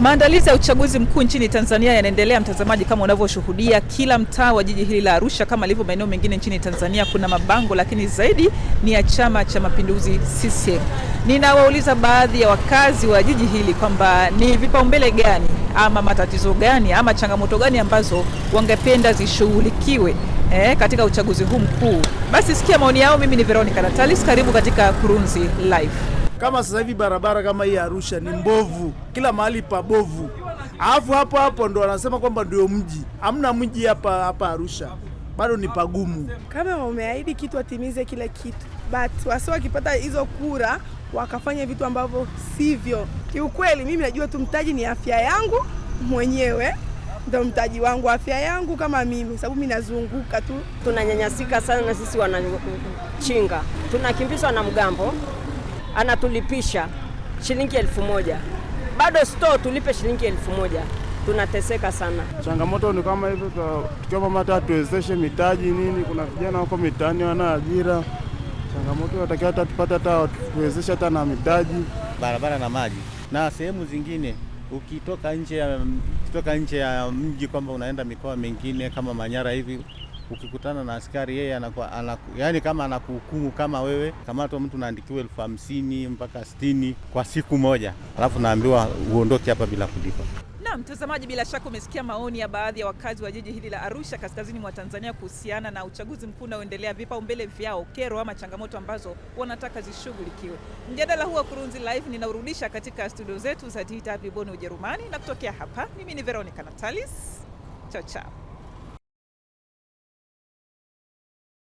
Maandalizi ya uchaguzi mkuu nchini Tanzania yanaendelea, mtazamaji, kama unavyoshuhudia, kila mtaa wa jiji hili la Arusha kama ilivyo maeneo mengine nchini Tanzania kuna mabango, lakini zaidi ni ya Chama cha Mapinduzi, CCM. Ninawauliza baadhi ya wakazi wa jiji hili kwamba ni vipaumbele gani ama matatizo gani ama changamoto gani ambazo wangependa zishughulikiwe eh, katika uchaguzi huu mkuu. Basi sikia maoni yao. Mimi ni Veronica Natalis, karibu katika Kurunzi Live. Kama sasa hivi barabara kama hii Arusha ni mbovu, kila mahali pabovu, alafu hapo hapo ndo wanasema kwamba ndio mji. Hamna mji hapa hapa Arusha, bado ni pagumu. Kama wameahidi kitu watimize kila kitu, but wasi wakipata hizo kura wakafanya vitu ambavyo sivyo. Kiukweli mimi najua tu mtaji ni afya yangu mwenyewe ndo mtaji wangu, afya yangu kama mimi, sababu mimi nazunguka tu. Tunanyanyasika sana na sisi wanachinga, tunakimbizwa na mgambo anatulipisha shilingi elfu moja bado store tulipe shilingi elfu moja tunateseka sana. Changamoto ni kama hivyo, tukiwa mama hata tuwezeshe mitaji nini, kuna vijana wako mitaani wana ajira. Changamoto watakiwa hata tupate hata tuwezeshe hata na mitaji, barabara na maji na sehemu zingine. Ukitoka nje ya kutoka nje ya mji kwamba unaenda mikoa mingine kama Manyara hivi ukikutana na askari yeye anakuwa anaku, yani kama anakuhukumu kama wewe kamatwa, mtu naandikiwa elfu hamsini mpaka sitini kwa siku moja, alafu naambiwa uondoke hapa bila kulipa. Na mtazamaji, bila shaka umesikia maoni ya baadhi ya wakazi wa jiji hili la Arusha kaskazini mwa Tanzania kuhusiana na uchaguzi mkuu unaoendelea, vipaumbele vyao, kero ama changamoto ambazo wanataka zishughulikiwe. Mjadala huu wa Kurunzi Live ninaurudisha katika studio zetu za DW Bonn, Ujerumani, na kutokea hapa mimi ni Veronica Natalis. Chao chao.